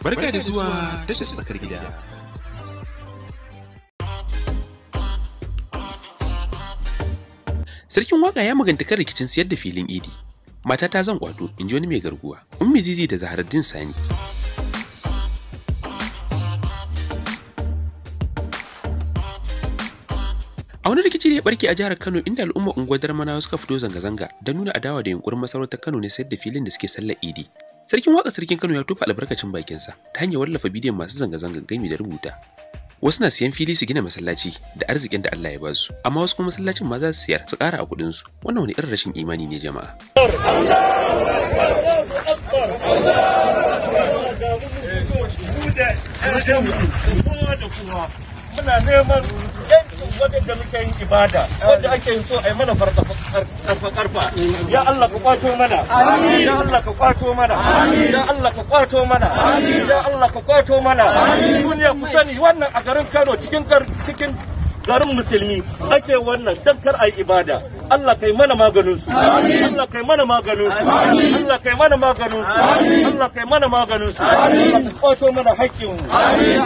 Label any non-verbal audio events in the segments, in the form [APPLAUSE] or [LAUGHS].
Barka da zuwa tashar tsakar gida. Sarkin waka ya maganta kan rikicin siyar da filin idi. Mata ta zan kwato, in ji wani mai garguwa Ummi Zizi da Zaharaddin Sani. A wani rikici da ya barke a jihar Kano inda al'umma unguwar Darmanawa suka fito zanga-zanga don nuna adawa da yunkurin masarautar Kano ne sayar da filin da suke sallar Idi. Sarkin waka sarkin Kano ya tofa albarkacin bakinsa ta hanyar wallafa bidiyon masu zanga-zangan gami da rubuta. Wasu na siyan fili su gina masallaci da arzikin da Allah ya ba su, amma wasu kuma masallacin ma za su siyar su ƙara a kuɗinsu, su. Wannan wani irin rashin imani ne jama'a. Allahu muna neman yankin wadanda muke yin ibada wadda ake yin so a yi mana farka ya Allah ka kwato mana ya Allah ka kwato mana ya Allah ka kwato mana ya Allah ka kwato mana duniya ku sani wannan a garin Kano cikin cikin garin musulmi ake wannan dan kar a ibada Allah kai mana maganin su Allah kai mana maganin su Allah kai mana maganin su Allah kai mana maganin su Allah ka kwato mana haƙƙin mu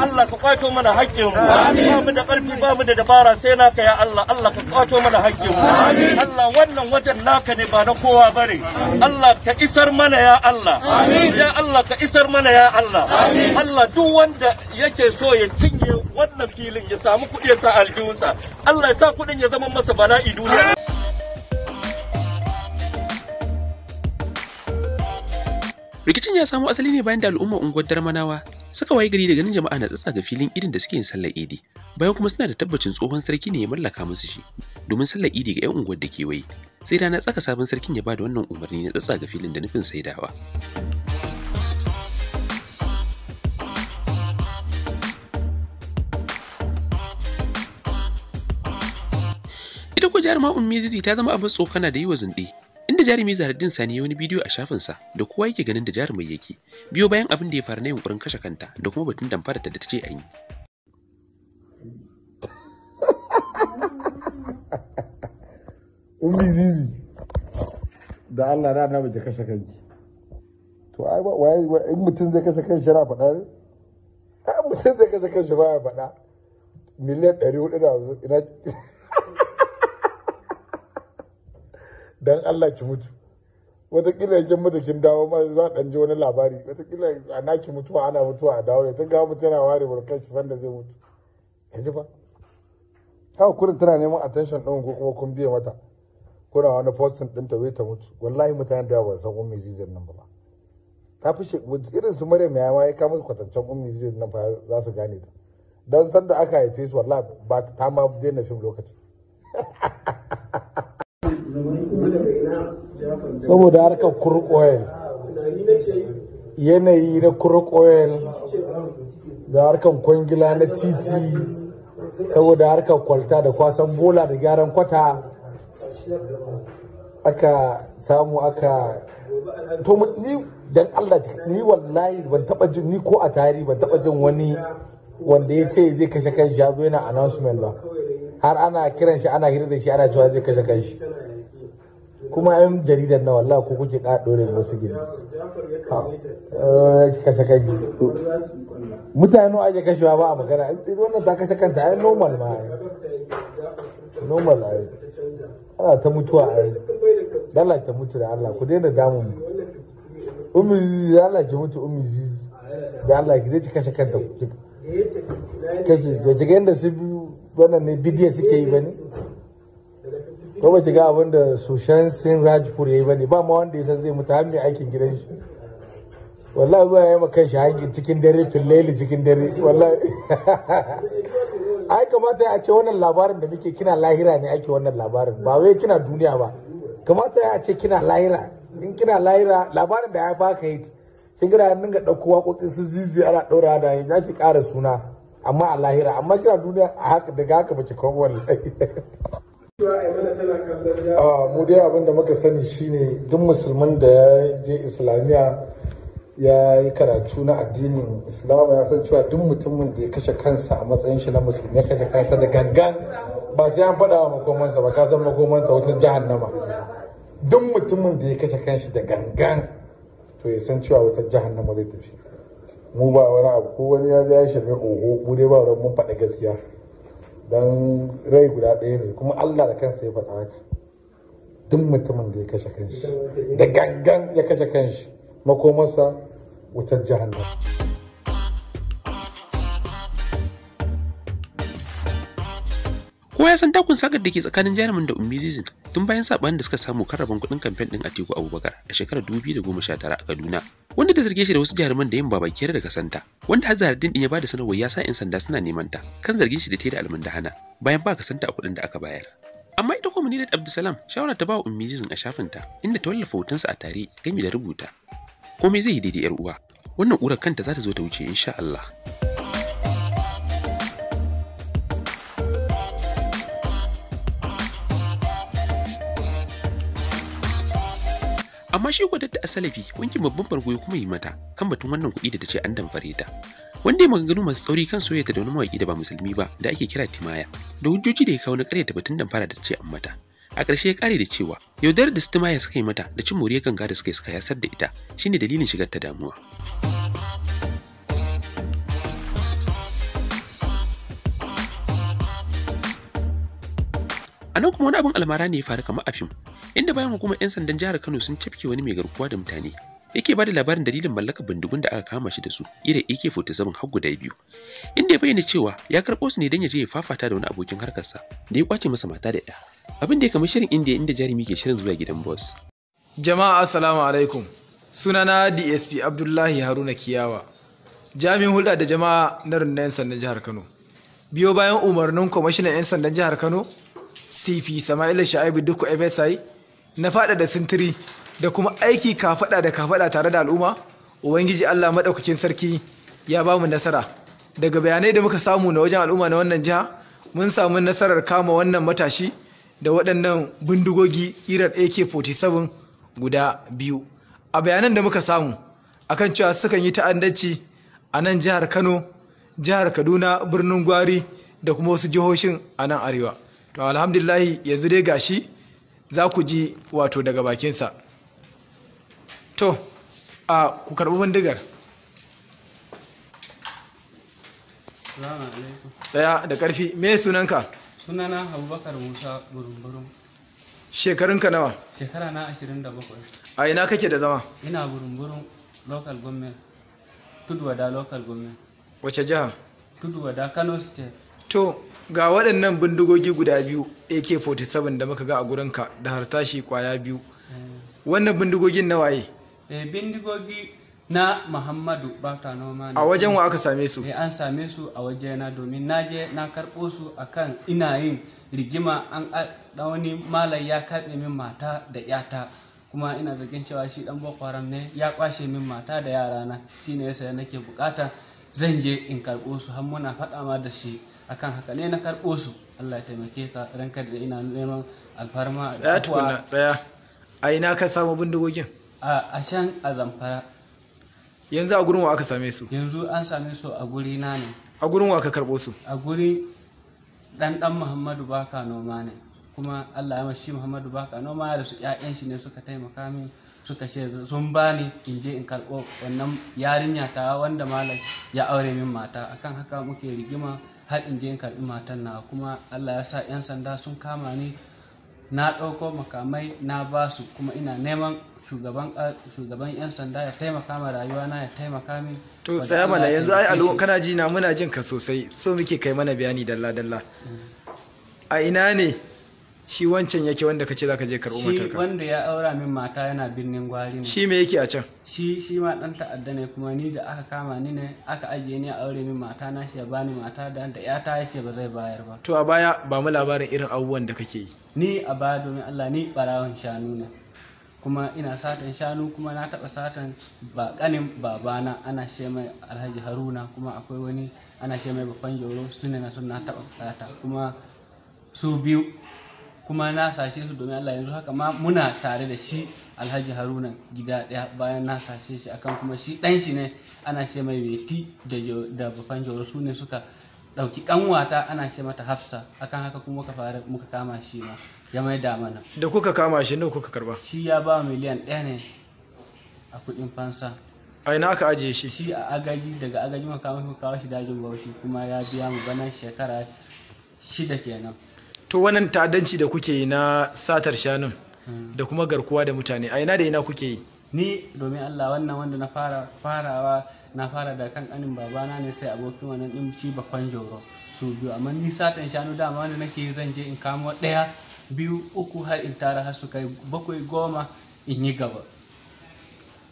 Allah ka kwato mana haƙƙin mu ba mu da ƙarfi ba mu da dabara sai naka ya Allah Allah ka kwato mana haƙƙin mu Allah wannan wajen naka ne ba na kowa bane Allah ka isar mana ya Allah ya Allah ka isar mana ya Allah Allah duk wanda yake so ya cinye wannan filin ya samu kuɗi ya sa aljihunsa Allah ya sa kuɗin ya zama masa bala'i duniya Rikicin ya samo asali ne bayan da al'umma unguwar Darmanawa suka waye gari da ganin jama'a na tsatsa ga filin idin da suke yin sallar Idi. Bayan kuma suna da tabbacin tsohon sarki ne ya mallaka musu shi domin sallar Idi ga 'yan unguwar da kewaye. Sai rana tsaka sabon sarkin ya ba da wannan umarni na tsatsa ga filin da nufin saidawa. Ita ko jarumar Ummi Zizi ta zama abin tsokana da yi wa zunde inda jarumi zaradin sani wani bidiyo a shafinsa da kowa yake ganin da jarumai yake biyo bayan abin da ya faru na yunkurin kashe kanta da kuma batun damfara ta da ta ce an yi [LAUGHS] umbi zizi da Allah na na da kashe kanki to ai ba wai in mutum zai kashe kanshi yana faɗa ne ai [LAUGHS] mutum zai kashe kanshi ba ya faɗa miliyan da ina [LAUGHS] Don Allah ki mutu watakila yakin mutu dawo ma za a ji wani labari watakila a naki mutuwa ana mutuwa a dawo ta ga mutu yana ware burkan shi sanda zai mutu Ya ji ba haka kurin tana neman attention din ko kuma kun biye mata kuna wani posting din ta ta mutu wallahi mutane da ba san ummi zizan nan ba ta fi shi irin su maryam ya ma ya kama kwatancen ummi zizan nan ba za su gane ta dan sanda aka haife su wallahi ba ta ma daina fim lokaci. [LAUGHS] saboda harkar crude oil yanayi na crude oil da harkar kwangila na titi saboda harkar kwalta da kwasan bola da gyaran kwata aka samu aka to ni dan Allah ni wallahi ban taba jin ni ko a tari ban taba jin wani wanda ya ce zai kashe kan shi ya yana announcement ba har ana kiran shi ana hira da shi ana cewa zai kashe kan shi kuma yan jaridar na wallah ko kuke ka dore wasu gini eh, kashe kai mutane aje kashewa ba a magana wannan ta kashe kanta ai normal ma ai normal ai ana ta mutuwa ai dala ta mutu da Allah ku daina damun mu ummi Allah ki mutu ummi zizi da Allah ki zai ci kashe kanta ku kashe to jiga inda su wannan ne bidiyo suke yi bane ko ba shiga abin da sushen sin rajpur yi bane ba ma wanda ya san zai mutu har mai aikin gidan shi wallahi zuwa ya maka shi hangin cikin dare fillaili cikin dare wallahi [LAUGHS] ai kamata a ce wannan labarin da muke kina lahira ne ake wannan labarin ba wai kina duniya ba kamata a ce kina lahira in kina lahira labarin da ya baka yi kin ga nan ga dauko wakokin su zizi ana daura da yi zaki kara suna amma a lahira amma kina duniya a haka daga haka baki kawo wallahi [LAUGHS] mu dai abin da muka sani shine duk musulman da ya je islamiyya ya yi karatu na addinin islam ya san cewa duk mutumin da ya kashe kansa a matsayin shi na musulmi ya kashe kansa da gangan ba sai an faɗa wa makomansa ba ka san makomanta wata jahannama duk mutumin da ya kashe kanshi da gangan to ya san cewa wata jahannama zai tafi mu ba wani abu ko wani ya ya shi oho mu dai ba wani mun faɗa gaskiya don rai guda ɗaya ne kuma Allah da kansa ya faɗa haka duk mutumin da ya kashe kanshi da gangan ya kashe kanshi makomarsa wutar jahannam Kowa ya san takun sakar da ke tsakanin jarumin da Ummi Zizin tun bayan sabanin da suka samu karraban kuɗin kamfen ɗin Atiku Abubakar a shekarar 2019 a Kaduna, wanda ta zarge shi da wasu jaruman da yin babakiyar daga santa, wanda har ɗin ya ba da sanarwar ya sa 'yan sanda suna neman ta kan zargin shi da ta da almundahana bayan ba ka a kuɗin da aka bayar. Amma ita kuma da Abdulsalam shawara ta ba wa Ummi Zizin a ta, inda ta wallafa sa a tare gami da rubuta. Komai zai yi daidai 'yar uwa, wannan urar kanta za ta zo ta wuce insha Allah. amma shi ko datta asalafi wanki babban bargo ya kuma yi mata kan batun wannan kuɗi da ta ce an damfare ta wanda ya maganganu masu tsauri kan soyayya da wani mawaƙi da ba musulmi ba da ake kira timaya da hujjoji da ya kawo na ta batun damfara da ta ce an mata a ƙarshe ya ƙare da cewa yaudarar da timaya suka yi mata da cin moriyar ganga da suka yi suka yasar da ita shine dalilin shigar ta damuwa. A nan kuma wani abin almara ne ya faru kamar a fim, inda bayan hukumar 'yan sandan jihar Kano sun cafke wani mai garkuwa da mutane. Yake ba da labarin dalilin mallakar bindigun da aka kama shi da su, ira AK-47 har guda biyu. Inda ya bayyana cewa ya karɓo su ne don ya je ya fafata da wani abokin harkarsa da ya kwace masa mata da ɗa. Abin da ya kama shirin india inda jarumi ke shirin zuwa gidan boss. Jama'a assalamu alaikum. Sunana DSP Abdullahi Haruna Kiyawa. Jami'in hulɗa da jama'a na rundunar 'yan sandan jihar Kano. Biyo bayan umarnin kwamishinan 'yan sandan jihar Kano, sifi sama'ila sha'ibu duk FSI na fada da sintiri da kuma aiki kafada da kafada tare da al'umma ubangiji allah maɗaukakin sarki ya ba mu nasara daga bayanai da muka samu na wajen al'umma na wannan jiha mun samu nasarar kama wannan matashi da waɗannan bindigogi irar ak-47 guda biyu a bayanan da muka samu akan cewa sukan yi ta'addanci a nan jihar kano jihar kaduna birnin gwari da kuma wasu jihohin a nan arewa to alhamdulillahi yanzu dai gashi za ku ji wato daga bakinsa to a ku karɓi bindigar tsaya da ƙarfi me sunanka sunana abubakar musa burumburum shekarunka nawa shekara na 27 a ina kake da zama ina burumburum local government tudwada local government wace jiha tudwada kano state to ga waɗannan bindigogi guda biyu ak-47 da muka ga a gurinka da hartashi kwaya biyu wannan bindigogin na waye eh, bindigogi na muhammadu bata noma a wajen wa aka same su eh, an same su a waje na domin na je na karɓo su akan ina yin rigima an ɗauni malam ya karɓe min mata da yata kuma ina zargin cewa shi dan boko haram ne ya kwashe min mata da yara yarana shine yasa nake bukata zan je in karɓo su har muna faɗa ma da shi akan haka ne na karɓo su Allah ya taimake ka ranka da ina neman alfarma tsaya tukuna tsaya a ina ka samu bindigogin a shan a zamfara yanzu a gurin wa aka same su yanzu an same su a guri na ne a gurin wa aka karɓo su a guri dan dan Muhammadu Baka noma ne kuma Allah ya mashi Muhammadu Baka noma da su ƴaƴan shi ne suka taimaka min suka ce sun bani in je in karɓo wannan yarinya ta wanda malam ya aure min mata akan haka muke rigima har in je in karɓi matan na kuma allah ya sa 'yan sanda sun kama ni na ɗauko makamai na basu kuma ina neman shugaban 'yan sanda ya taimaka ma rayuwa na ya taimaka min to tsaya mana yanzu ai alu kana ji na muna jin ka sosai so muke kai mana bayani dalla dalla a ina ne shi wancan yake wanda kace zaka je karɓo matar shi wanda ya aura min mata yana birnin gwari ne shi me yake a can shi shi ma dan ta'adda ne kuma ni da aka kama ni ne aka ajiye ni a aure min mata na shi ya bani mata da da ya ta shi ba zai bayar ba to a baya ba mu labarin irin abubuwan da kake yi ni a baya domin Allah ni barawon shanu ne kuma ina satan shanu kuma na taba satan ba kanin babana ana she mai alhaji haruna kuma akwai wani ana she mai babban jauro suna na sun na fata kuma su biyu kuma na sashe su domin Allah yanzu haka ma muna tare da shi Alhaji Haruna gida daya bayan na sashe shi akan kuma shi dan shi ne ana ce mai Weti da da Bafan Jauro su ne suka dauki ƙanwata, ana ce mata Hafsa akan haka kuma muka fara muka kama shi ma ya mai da mana da kuka kama shi nawa kuka karba shi ya ba miliyan 1 ne a kudin fansa a ina aka ajiye shi shi a agaji daga agaji muka kawo shi dajin Bauchi kuma ya biya mu bana shekara shida kenan to wannan ta'addanci da kuke yi na satar shanun da kuma garkuwa da mutane a ina da ina kuke yi ni domin Allah wannan wanda na fara farawa na fara da kan kanin babana ne sai abokin wannan din ci bakwan joro su biyu amma ni satan shanu dama wanda nake yi zan je in kamo ɗaya biyu uku har in tara har su kai bakwai goma in yi gaba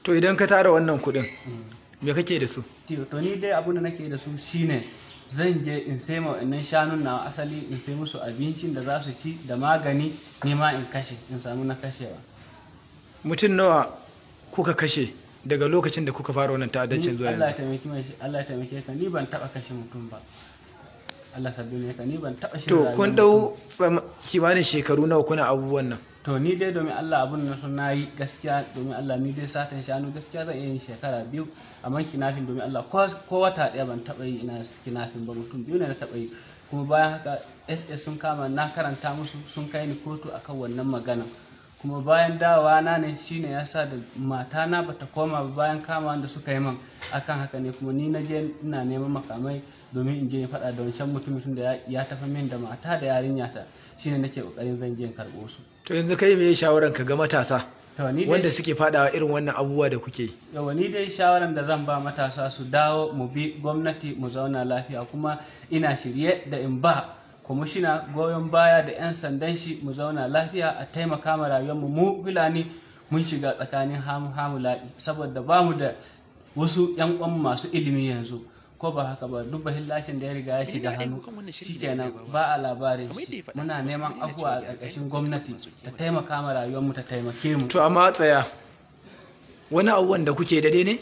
to idan ka tara wannan kuɗin mm. me kake da su to ni dai abun da nake da su shine zan je in sai ma wannan shanun na asali in sai musu abincin da za su ci da magani ne ma in kashe in samu na kashewa mutum nawa kuka kashe daga lokacin da kuka fara wannan ta'addacin zuwa yanzu Allah ya taimake ka ni ban taba kashe mutum ba Allah sabbi ne ka ni ban taɓa shi to kun dau kimanin shekaru nawa kuna abubuwan nan to ni dai domin Allah abun na na yi gaskiya domin Allah ni dai satan shanu gaskiya zan iya yin shekara biyu amma kinafin domin Allah ko wata daya ban taɓa yi ina kinafin ba mutum biyu ne na taɓa yi kuma bayan haka SS sun kama na karanta musu sun kai ni kotu akan wannan maganan kuma bayan dawowa na ne shine ya sa da matana bata ta koma bayan kama wanda suka yi man akan haka ne kuma ni na je ina neman makamai domin in je in faɗa da wancan mutum mutum da ya tafi min da mata da yarinya ta shine nake kokarin zan je in karɓo su to yanzu kai me shawaran ka ga matasa wanda suke faɗawa irin wannan abubuwa da kuke yawa ni dai shawaran da zan ba matasa su dawo mu bi gwamnati mu zauna lafiya kuma ina shirye da in ba kwamishina goyon baya da 'yan sandan shi mu zauna lafiya a taimaka ma rayuwarmu mu filani mun shiga tsakanin hamu laɗi saboda ba mu da wasu 'yan uwan masu ilimi yanzu ko ba haka ba duk bahin da ya riga ya shiga hannu shikenan ba a labarin muna neman abuwa a ƙarƙashin gwamnati ta taimaka ma rayuwarmu ta taimake mu to amma tsaya wani abubuwan da kuke dade ne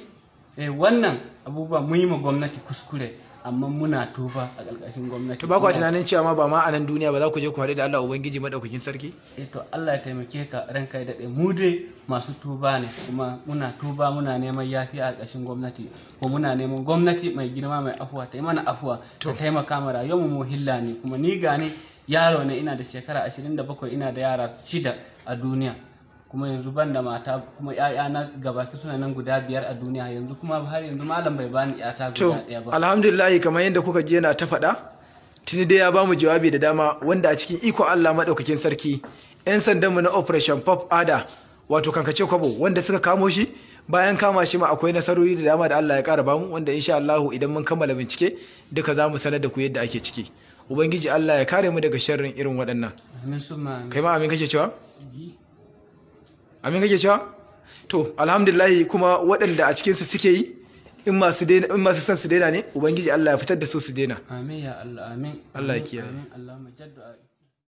eh wannan abubuwa mun yi ma gwamnati kuskure amma muna tufa a ƙarƙashin gwamnati to ba ku tunanin cewa ma ba ma a nan duniya ba za ku je ku haɗu da Allah ubangiji Maɗaukakin sarki eh to Allah ya taimake ka ran kai daɗe mu dai masu tuba ne kuma muna tuba muna neman yafi a ƙarƙashin gwamnati ko muna neman gwamnati mai girma mai afuwa ta yi mana afuwa ta taimaka ma rayuwar mu hilla ne kuma ni gane yaro ne ina da shekara da bakwai ina da yara shida a duniya kuma yanzu ban da mata kuma ƴaƴa na gabaki suna nan guda biyar a duniya yanzu kuma har yanzu malam bai bani ƴata guda ɗaya ba alhamdulillah kamar yadda kuka je yana ta faɗa tuni dai ya ba mu jawabi da dama wanda a cikin iko Allah madaukakin sarki yan mu na operation pop ada wato kankace kwabo wanda suka kamo shi bayan kama shi ma akwai nasarori da dama da Allah ya kara bamu wanda insha Allah idan mun kammala bincike duka za mu sanar da ku yadda ake ciki ubangiji Allah ya kare mu daga sharrin irin waɗannan kai ma amin kake cewa amin kake cewa to alhamdulillahi kuma waɗanda a cikinsu suke yi in masu daina in masu son su daina ne ubangiji Allah ya fitar da su su daina amin ya Allah amin Allah ya kiyaye amin Allah majaddu